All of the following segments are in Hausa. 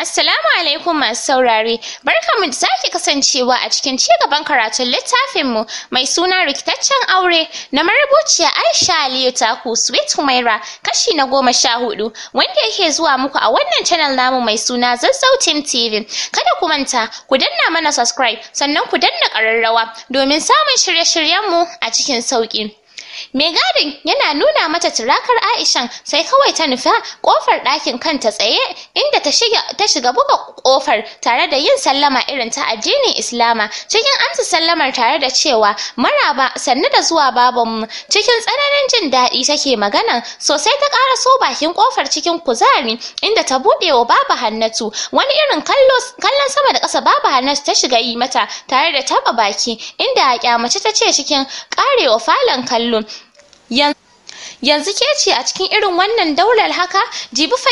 Assalamu alaikum masu saurare, mu da sake kasancewa a cikin ci gaban karatun littafin mu mai suna rikitaccen aure na marubuciya Aisha Aliyu Taku Sweet Humaira kashi na goma sha hudu wanda yake zuwa muku a wannan channel namu mai suna Zazzautin TV. Kada ku manta ku danna mana subscribe sannan ku danna ƙararrawa domin samun shirye-shiryenmu a cikin sauƙi. mai gadin yana nuna mata turakar aishan sai kawai ta nufa kofar ɗakin kanta tsaye inda ta shiga ta shiga buga kofar tare da yin sallama irin ta addinin islama cikin amsa sallamar tare da cewa maraba sannu da zuwa babanmu cikin tsananin jin daɗi take maganan sosai ta ƙara so bakin kofar cikin kuzari inda ta buɗe wa baba hannatu wani irin kallon sama da ƙasa baba hannatu ta shiga yi mata tare da taba baki inda a kyamace ta ce cikin ƙarewa falon kallon. я yanzu ke ce a cikin irin wannan daular haka jibi fa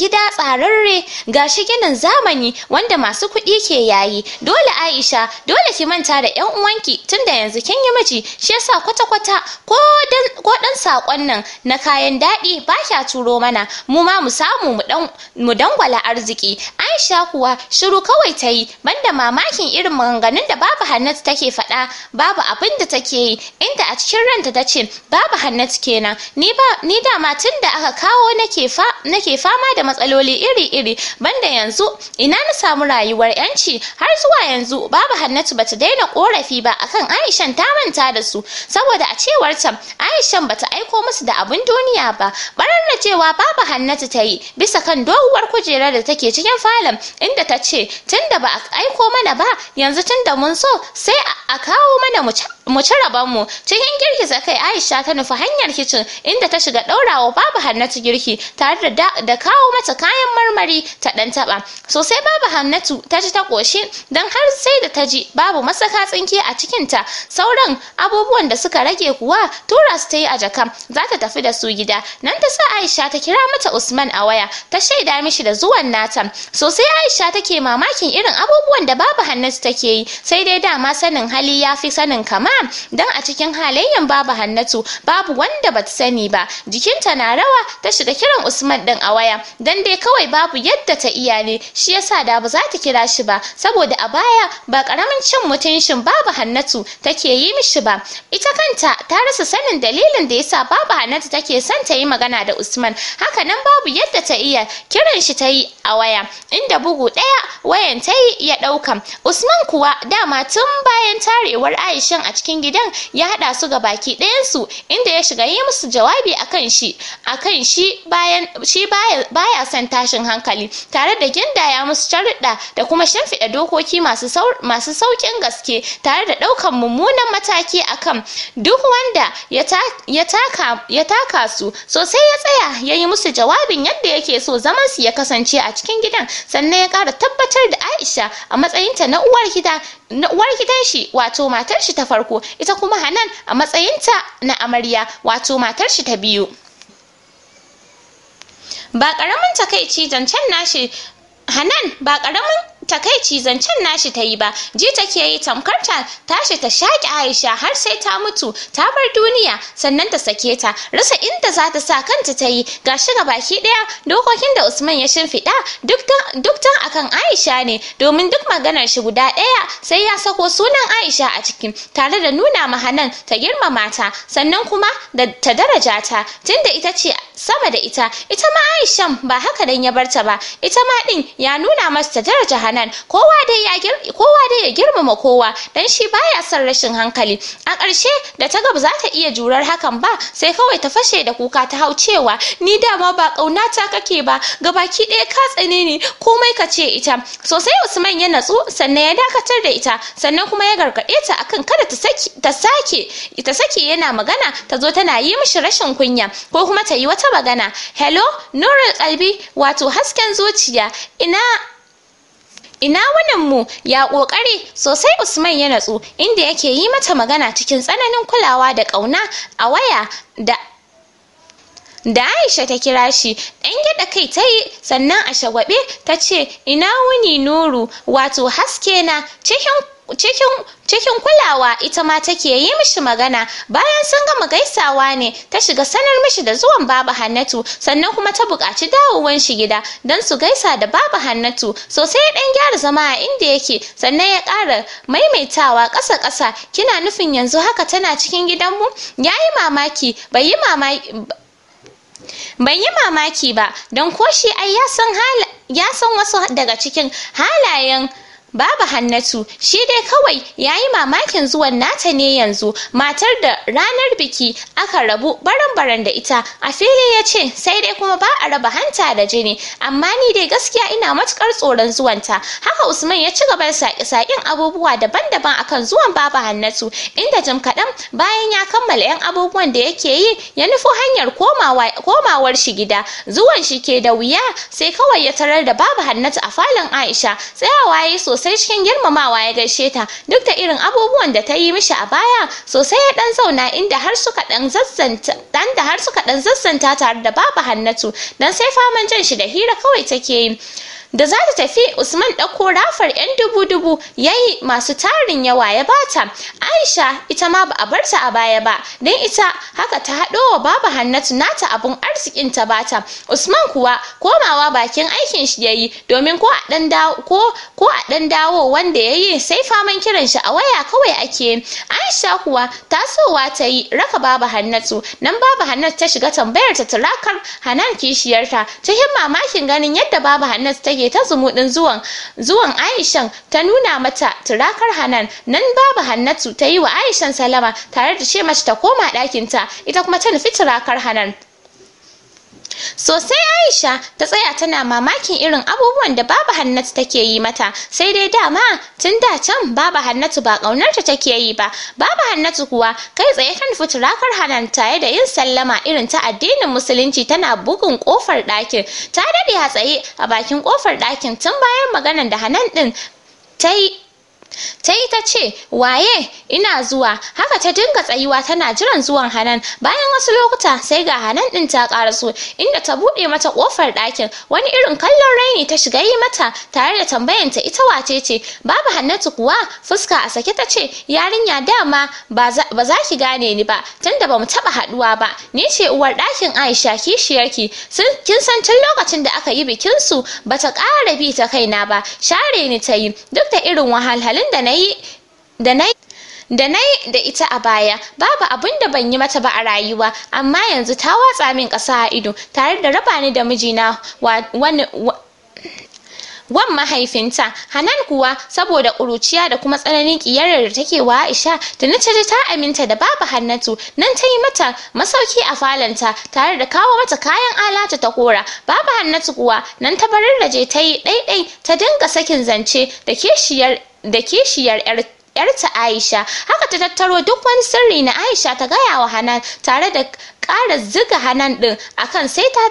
gida tsararre gashi ginin zamani wanda masu kuɗi ke yayi dole Aisha dole ki manta da ƴan uwanki tunda yanzu kin yi miji shi yasa kwata kwata ko dan ko sakon nan na kayan daɗi ba kya turo mana mu ma mu samu mu mu dangwala arziki Aisha kuwa shiru kawai ta yi banda mamakin irin maganganun da babu Hannatu take faɗa babu abin da take yi inda a cikin ranta ta ce babu Hannatu kenan ni ba ni dama tun da aka kawo nake fa nake fama da matsaloli iri-iri banda yanzu ina na samu rayuwar yanci har zuwa yanzu babu Hannatu bata daina korafi ba akan Aishan ta manta da su saboda a cewar ta Aishan bata aiko musu da abun duniya ba barar cewa babu Hannatu ta yi bisa kan doguwar kujerar da take cikin falon inda ta ce tunda ba a aiko mana ba yanzu tunda mun so sai a kawo mana mu ci mu ci mu cikin girki girgiza kai Aisha ta nufi hanyar kicin inda ta shiga ɗaurawa babu Hannatu girki tare da da kawo mata kayan marmari ta dan taba. sosai babu Hannatu ta ji ta koshi dan har sai da ta ji babu masaka tsinke a cikin ta sauran abubuwan da suka rage kuwa tura su ta yi a jaka za ta tafi da su gida nan ta sa Aisha ta kira mata Usman a waya ta shaida mishi da zuwan nata sosai Aisha take mamakin irin abubuwan da babu Hannatu take yi sai dai dama sanin hali ya fi sanin kama na'am dan a cikin halayyan babu Hannatu babu wanda bata sani ba jikinta na rawa ta shiga kiran Usman din a waya dan dai kawai babu yadda ta iya ne shi yasa da ba za ta kira shi ba saboda a baya ba karamin cin mutuncin babu Hannatu take yi mishi ba ita kanta ta rasa sanin dalilin da yasa babu Hannatu take son ta yi magana da Usman haka nan babu yadda ta iya kiran shi ta yi a waya inda bugu ɗaya wayan ta yi ya ɗauka Usman kuwa dama tun bayan tarewar Aishan a cikin gidan ya haɗa su ga baki ɗayansu inda ya shiga yi musu jawabi akan shi akan shi bayan shi baya, son tashin hankali tare da gindaya musu sharuɗa da kuma shimfiɗa dokoki masu sauƙin gaske tare da ɗaukan mummunan mataki akan duk wanda ya taka ya taka su sosai ya tsaya ya yi musu jawabin yadda yake so zaman su ya kasance a cikin gidan sannan ya ƙara tabbatar da Aisha a matsayinta na uwar gida uwar gidan shi wato matar shi ta farko ita kuma hanan a matsayinta na amarya wato matar shi ta biyu ba ƙaramin takaici zancen nashi hanan ba ƙaramin takaici zancen nashi ta yi ba ji take yi tamkar ta tashi ta shaƙi aisha har sai ta mutu ta bar duniya sannan ta sake ta rasa inda za ta sa kanta ta yi gashi ga baki ɗaya dokokin da usman ya shimfiɗa duk ta akan Aisha ne domin duk maganar shi guda ɗaya sai ya sako sunan Aisha a cikin tare da nuna ma ta girmama ta sannan kuma da ta daraja ta tunda ita ce sama da ita ita ma Aishan ba haka dan ya barta ba ita ma din ya nuna masa daraja Hanan kowa dai ya kowa dai ya girmama kowa dan shi baya son rashin hankali a ƙarshe da ta gaba za ta iya jurar hakan ba sai kawai ta fashe da kuka ta hau cewa ni dama ba ƙaunata kake ba gabaki ɗaya ka tsane ne komai ka ce ita sosai Usman ya natsu sannan ya dakatar da ita sannan kuma ya gargaɗe ta akan kada ta saki ta sake ita sake yana magana ta zo tana yi mishi rashin kunya ko kuma ta yi wata wata magana hello nurul kalbi wato hasken zuciya ina ina wannan mu ya kokari sosai usman ya natsu inda yake yi mata magana cikin tsananin kulawa da kauna a waya da da aisha ta kira shi ɗan gyaɗa kai ta sannan a shagwaɓe ta ce ina wuni nuru wato haske na cikin cikin cikin kulawa ita ma take yi mishi magana bayan sun gama gaisawa ne ta shiga sanar mishi da zuwan babu hannatu sannan kuma ta buƙaci dawowan shi gida don su gaisa da babu hannatu sosai ya ɗan gyara zama a inda yake sannan ya ƙara maimaitawa ƙasa ƙasa kina nufin yanzu haka tana cikin gidanmu ya yi mamaki bai yi mamaki ban yi mamaki ba don ko shi ai ya san wasu daga cikin halayen Babu Hannatu shi dai kawai ya yi mamakin zuwan nata ne yanzu matar da ranar biki aka rabu baran-baran da ita a fili ya ce sai dai kuma ba a raba hanta da jini amma ni dai gaskiya ina matukar tsoron zuwanta haka Usman ya ci gaba da saƙe abubuwa daban-daban akan zuwan Babu Hannatu inda jim kaɗan bayan ya kammala 'yan abubuwan da yake yi ya nufo hanyar komawar shi gida zuwan shi ke da wuya sai kawai ya tarar da Babu Hannatu a falon Aisha tsayawa ya yi sosai sosai cikin girmamawa ya gaishe ta duk da irin abubuwan da ta yi mishi a baya sosai ya dan zauna inda har suka dan zazzanta dan da har suka dan zazzanta tare da baba Hannatu dan sai faman jan shi da hira kawai take yi da za ta tafi usman ɗauko rafar 'yan dubu-dubu ya yi masu tarin yawa ya bata aisha ita ma ba a bar ta a baya ba don ita haka ta haɗo wa baba hannatu nata abun arzikin ta bata usman kuwa komawa bakin aikin shi ya yi domin ko a ɗan dawo ko a ɗan dawo wanda ya yi sai faman kiran shi a waya kawai ake aisha kuwa tasowa ta yi raka baba hannatu nan baba hannatu ta shiga tambayar ta turakar hanan kishiyarta cikin mamakin ganin yadda baba hannatu take take ta zumuɗin zuwan zuwan Aishan ta nuna mata turakar Hanan nan babu Hannatu ta yi wa Aishan salama tare da ce mace ta koma ɗakinta ita kuma ta nufi turakar Hanan Sosai Aisha ta tsaya tana mamakin irin abubuwan da Baba Hannatu take yi mata, sai dai dama tun da can Baba Hannatu ba ƙaunarta take yi ba. Baba Hannatu kuwa kai tsaye kan nufi turakar hananta da yin sallama irin ta addinin Musulunci tana bugun ƙofar ɗakin. Ta daɗe a tsaye a bakin ƙofar ɗakin tun bayan maganar da Hanan ɗin ta yi ta yi ta ce waye ina zuwa haka ta dinga tsayuwa tana jiran zuwan hanan bayan wasu lokuta sai ga hanan din ta karaso inda ta buɗe mata ƙofar ɗakin wani irin kallon raini ta shiga yi mata tare da tambayan ta ita wace ce babu hannatu kuwa fuska a sake ta ce yarinya dama ba za ki gane ni ba tunda bamu mu taɓa haɗuwa ba ni ce uwar ɗakin aisha kishiyarki kin san tun lokacin da aka yi bikin su bata ƙara bi ta kaina ba share ni ta yi duk da irin wahalhalun abin da na da na da na da ita a baya babu abin da ban yi mata ba a rayuwa amma yanzu ta watsa min ƙasa a ido tare da raba ni da mijina wani wan mahaifinta hanan kuwa saboda ƙuruciya da kuma tsananin ƙiyarar da take wa aisha da na taji ta aminta da babu hannatu nan ta yi mata masauki a falanta tare da kawo mata kayan alata ta kora babu hannatu kuwa nan ta barin da je ta yi ɗaiɗai ta dinga sakin zance da keshiyar da kishiyar 'yarta Aisha haka ta tattaro duk wani sirri na Aisha ta gaya wa Hanan tare da ƙara ziga Hanan ɗin akan sai ta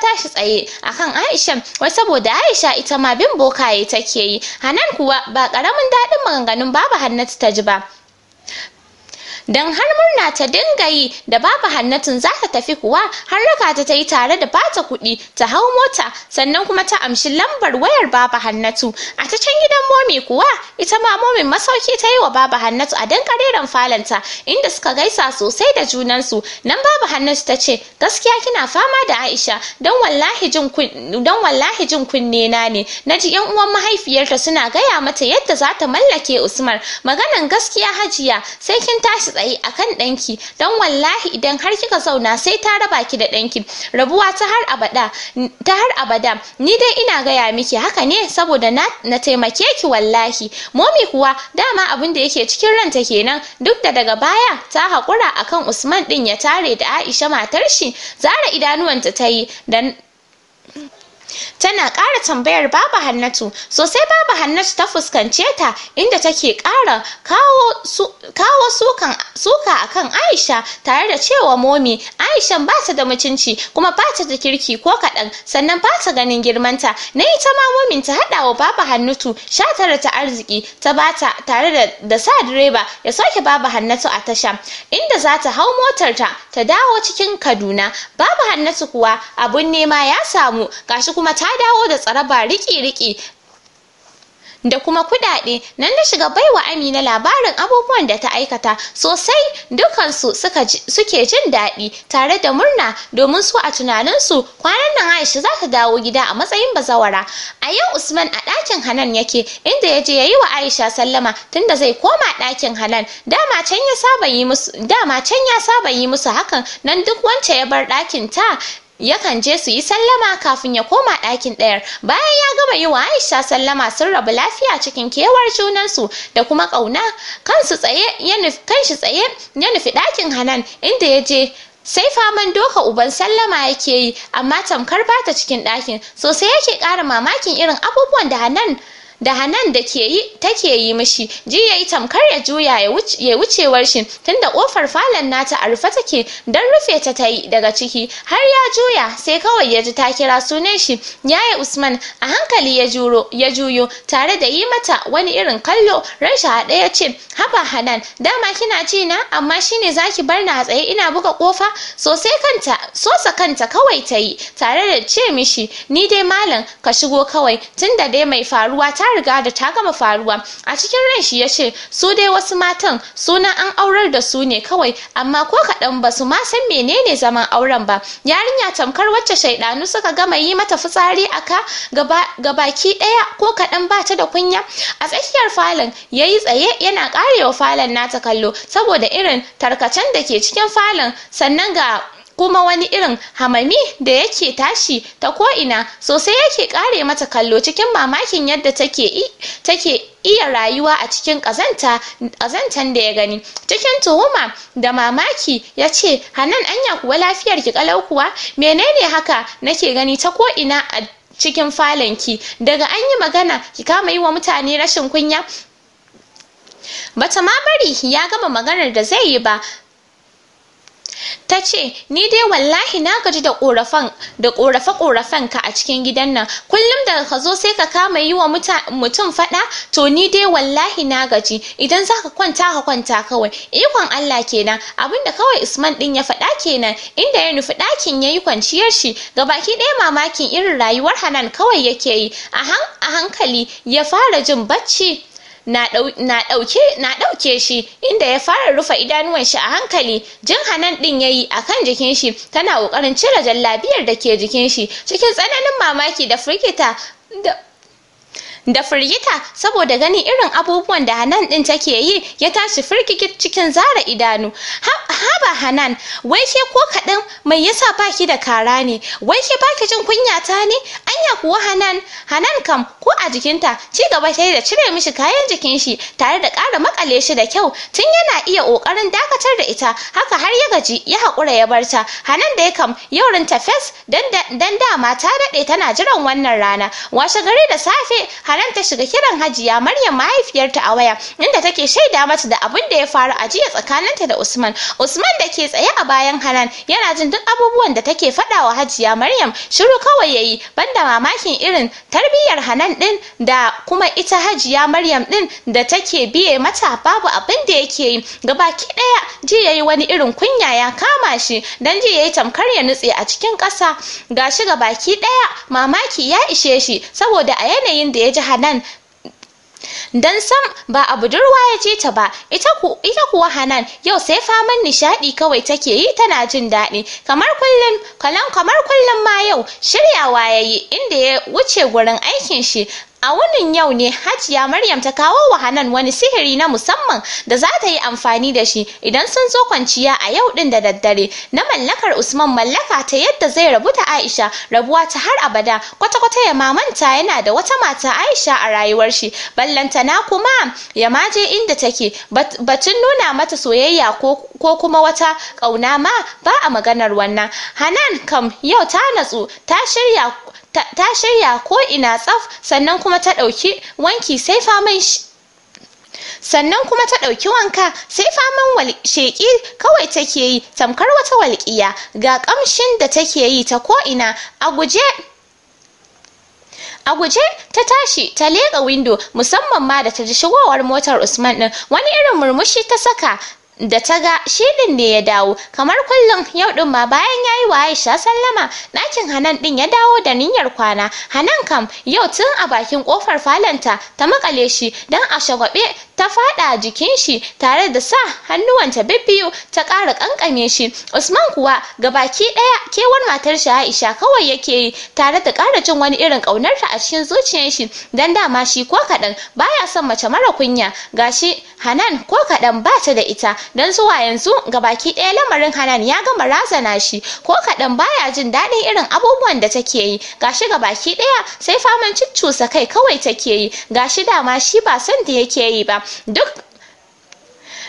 tashi tsaye akan Aisha wai saboda Aisha ita ma bin bokaye take yi Hanan kuwa ba ƙaramin daɗin maganganun babu Hannatu ta ji ba don har murna ta dinga yi da babu hannatin za ta tafi kuwa har raka ta ta tare da bata kuɗi ta hau mota sannan kuma ta amshi lambar wayar baba hannatu a ta can gidan momi kuwa ita ma momin masauki ta yi wa baba hannatu a dan kareren falanta inda suka gaisa sosai da junansu nan baba hannatu ta ce gaskiya kina fama da aisha don wallahi jin don wallahi jin kunne na ne na ji yan uwan mahaifiyarta suna gaya mata yadda za ta mallake usman maganan gaskiya hajiya sai kin tashi tsaye akan ɗanki don wallahi idan har kika zauna sai ta raba ki da ɗanki rabuwa ta har abada ta har abada ni dai ina gaya miki haka ne saboda na na taimake ki wallahi momi kuwa dama abin da yake cikin ranta kenan duk da daga baya ta haƙura akan Usman din ya tare da Aisha matar shi zara idanuwanta ta yi tana ƙara tambayar baba hannatu sosai baba hannatu ta fuskance ta inda take ƙara kawo, sukan, suka akan aisha tare da cewa momi aishan ba ta da mutunci kuma ba ta da kirki ko kaɗan sannan ba ta ganin girmanta na ita ma momin ta haɗa wa baba hannatu sha tara ta arziki ta bata tare da, da sa direba ya soke baba hannatu a tasha inda za ta hau motarta ta dawo cikin kaduna baba hannatu kuwa abun nema ya samu gashi kuma ta dawo da tsaraba riki-riki da kuma kudade nan da shiga baiwa amina labarin abubuwan da ta aikata sosai dukansu suke jin daɗi tare da murna domin su a tunaninsu kwanan nan aisha za ta dawo gida a matsayin bazawara a yau usman a ɗakin hanan yake inda ya je ya yi wa aisha sallama tunda zai koma ɗakin hanan dama can ya saba yi musu hakan nan duk wance ya bar ɗakin ta yakan je su yi sallama kafin ya koma ɗakin ɗayar bayan ya gama yi wa aisha sallama sun rabu lafiya cikin kewar junansu da kuma ƙauna kansu tsaye ya nufi tsaye ya nufi ɗakin hanan inda ya je sai faman doka uban sallama yake yi amma tamkar bata cikin ɗakin sosai yake ƙara mamakin irin abubuwan da hanan da hanan da ke yi take yi mishi ji ya tamkar ya juya ya wucewar shi tunda kofar falon nata a rufe take don rufe ta ta daga ciki har ya juya sai kawai ya ji ta kira sunan shi yaya usman a hankali ya juro ya juyo tare da yi mata wani irin kallo rashin haɗe ya ce haba hanan dama kina ci na amma shine zaki bar na tsaye ina buga kofa sosai kanta sosa kanta kawai ta tare da ce mishi ni dai malam ka shigo kawai tunda dai mai faruwa ta riga da ta gama faruwa a cikin ran shi ya ce su dai wasu matan suna an aurar da su ne kawai amma ko kaɗan ba su ma san menene zaman auren ba yarinya tamkar wacce shaidanu suka gama yi mata fitsari a ka gabaki ɗaya ko kaɗan ba ta da kunya a tsakiyar falon ya yi tsaye yana ƙarewa falon nata kallo saboda irin tarkacen da ke cikin falon sannan ga kuma wani irin hamami da yake tashi ta ko'ina sosai yake kare mata kallo cikin mamakin yadda take take iya rayuwa a cikin kazantan da ya gani cikin tuhuma da mamaki ya ce hanan anya kuwa lafiyar ki ƙalau kuwa menene haka nake gani ta ko'ina a cikin ki? daga an yi magana ki kama yi wa mutane rashin kunya bata ma bari ya gama maganar da zai yi ba ta ce ni dai wallahi na gaji da ƙorafan da ka a cikin gidan nan kullum da ka zo sai ka kama yi wa mutum fada to ni dai wallahi na gaji idan za ka kwanta ka kwanta kawai ikon Allah kenan abinda kawai Usman din ya faɗa kenan inda ya nufi ɗakin ya yi kwanciyar shi baki ɗaya mamakin irin rayuwar Hanan kawai yake yi a hankali ya fara jin bacci na ɗauke shi inda ya fara rufa idanuwan shi a hankali jin hanan ɗin yayi kan jikin shi tana ƙoƙarin cire jallabiyar da ke jikin shi cikin tsananin mamaki da firgita da firgita saboda ganin irin abubuwan da Hanan din take yi ya tashi firgigit cikin zara idanu haba Hanan wai ke ko kaɗan mai yasa baki da kara ne wai ke baki jin kunya ta ne anya kuwa Hanan Hanan kam ko a jikinta ci gaba ta da cire mishi kayan jikin shi tare da ƙara makale shi da kyau tun yana iya ƙoƙarin dakatar da ita haka har ya gaji ya haƙura ya bar ta Hanan da ya kam yaurin ta fes dan dama ta daɗe tana jiran wannan rana washe gari da safe karen ta shiga kiran Hajiya Maryam mahaifiyarta a waya inda take shaida mata da abin da ya faru a jiya tsakaninta da Usman. Usman da ke tsaye a bayan Hanan yana jin duk abubuwan da take faɗa wa Hajiya Maryam shiru kawai yayi banda mamakin irin tarbiyyar Hanan din da kuma ita Hajiya Maryam din da take biye mata babu abin da yake yi gabaki ɗaya ji yayi wani irin kunya ya kama shi dan ji yayi tamkar ya nutse a cikin ƙasa gashi gabaki ɗaya mamaki ya ishe shi saboda a yanayin da ya ji Hanan dan sam ba a budurwa ya ce ta ba ita kuwa hanan yau sai faman nishadi kawai take yi tana jin daɗi kamar kullum kalan kamar kullum ma yau shiryawa ya yi inda ya wuce gurin aikin shi A wannan yau ne Hajiya Maryam ta kawo wa Hanan wani sihiri na musamman da za ta yi amfani da shi idan sun zo kwanciya a yau din da daddare na mallakar Usman mallaka ta yadda zai rabu ta Aisha rabuwa ta har abada kwata-kwata ya mamanta yana da wata mata Aisha a rayuwar shi ballanta na kuma ya maje inda take batun nuna mata soyayya ko ko kuma wata kauna ma ba a maganar wannan Hanan kam yau ta natsu ta shirya ta shirya ko ina tsaf sannan kuma ta ɗauki wanki sai faman sannan kuma ta ɗauki wanka sai faman sheƙi kawai take yi tamkar wata walƙiya ga ƙamshin da take yi ta ko'ina a guje a guje ta tashi ta leƙa windo musamman ma da ta ji shigowar motar usman ɗin wani irin murmushi ta saka da ta ga shi din ne ya dawo kamar kullum yau din ma bayan yi wa Aisha sallama ɗakin Hanan din ya dawo da niyyar kwana Hanan kam yau tun a bakin ƙofar falonta ta maƙale shi don a shagwabe ta faɗa jikin shi tare da sa hannuwan hannuwanta bibbiyu ta ƙara ƙanƙame shi Usman kuwa ga baki ɗaya kewar matar shi Aisha kawai yake yi tare da ƙara jin wani irin ƙaunarta a cikin zuciyar shi dan dama shi ko kaɗan baya son mace mara kunya gashi Hanan ko kaɗan ba ta da ita dan zuwa yanzu ga baki ɗaya lamarin Hanan ya gama razana shi ko kaɗan baya jin daɗin irin abubuwan da take yi gashi ga baki ɗaya sai faman ciccusa kai kawai take yi gashi dama shi ba son da yake yi ba duk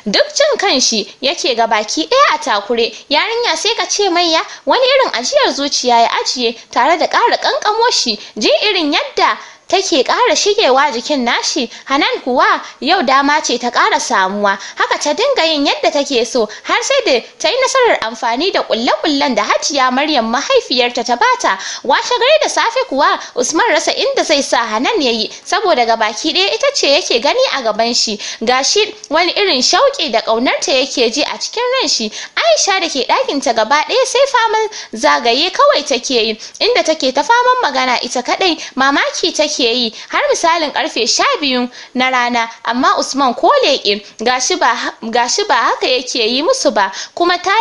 duk cin kanshi yake ga baki ɗaya a takure yarinya sai ka ce mai ya wani irin ajiyar zuciya ya ajiye tare da ƙara ƙanƙamo shi ji irin yadda take ƙara shigewa jikin nashi hanan kuwa yau dama ce ta ƙara samuwa haka ta dinga yin yadda take so har sai da ta yi nasarar amfani da ƙulle-ƙullen da hajiya maryam mahaifiyarta ta bata washe gari da safe kuwa usman rasa inda zai sa hanan ya yi saboda ga baki ɗaya ita ce yake gani a gaban shi gashi wani irin shauƙi da ƙaunarta yake ji a cikin ran shi aisha da ke ɗakinta gaba ɗaya sai faman zagaye kawai take yi inda take ta faman magana ita kaɗai mamaki take yake yi har misalin karfe sha biyu na rana amma usman ko leƙe gashi ba haka yake yi musu ba kuma ta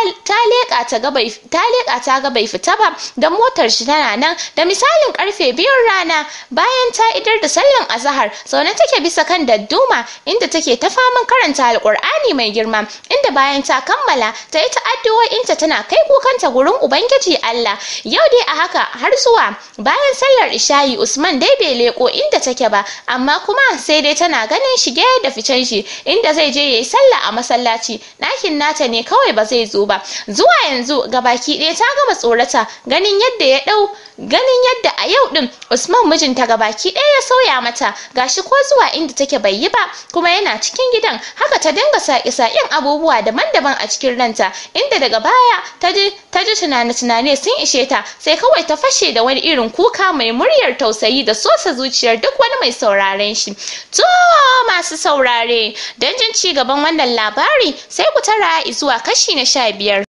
leƙa ta ga bai fita ba don motar shi tana nan da misalin karfe biyun rana bayan ta idar da sallan azahar zaune take bisa kan dadduma inda take ta faman karanta alkur'ani mai girma inda bayan ta kammala ta yi ta'addu'o'inta tana kai kukanta gurin ubangiji Allah yau dai a haka har zuwa bayan sallar isha'i Usman dai bai leko inda take ba amma kuma sai dai tana ganin shige da ficen shi inda zai je yayi sallah a masallaci ɗakin nata ne kawai ba zai zo ba zuwa yanzu gabaki ɗaya ta gama tsorata ganin yadda ya ɗau ganin yadda a yau ɗin Usman mijinta gabaki ɗaya ya sauya mata gashi ko zuwa inda take bai yi ba kuma yana cikin gidan haka ta dinga saƙe-saƙen abubuwa daban-daban a cikin ranta inda daga baya ta ji ta ji tunane-tunane sun ishe ta sai kawai ta fashe da wani irin kuka mai muryar tausayi da sosa zuciyar duk wani mai sauraren shi to masu saurare don jin ci gaban wannan labari sai ku tara zuwa kashi na sha biyar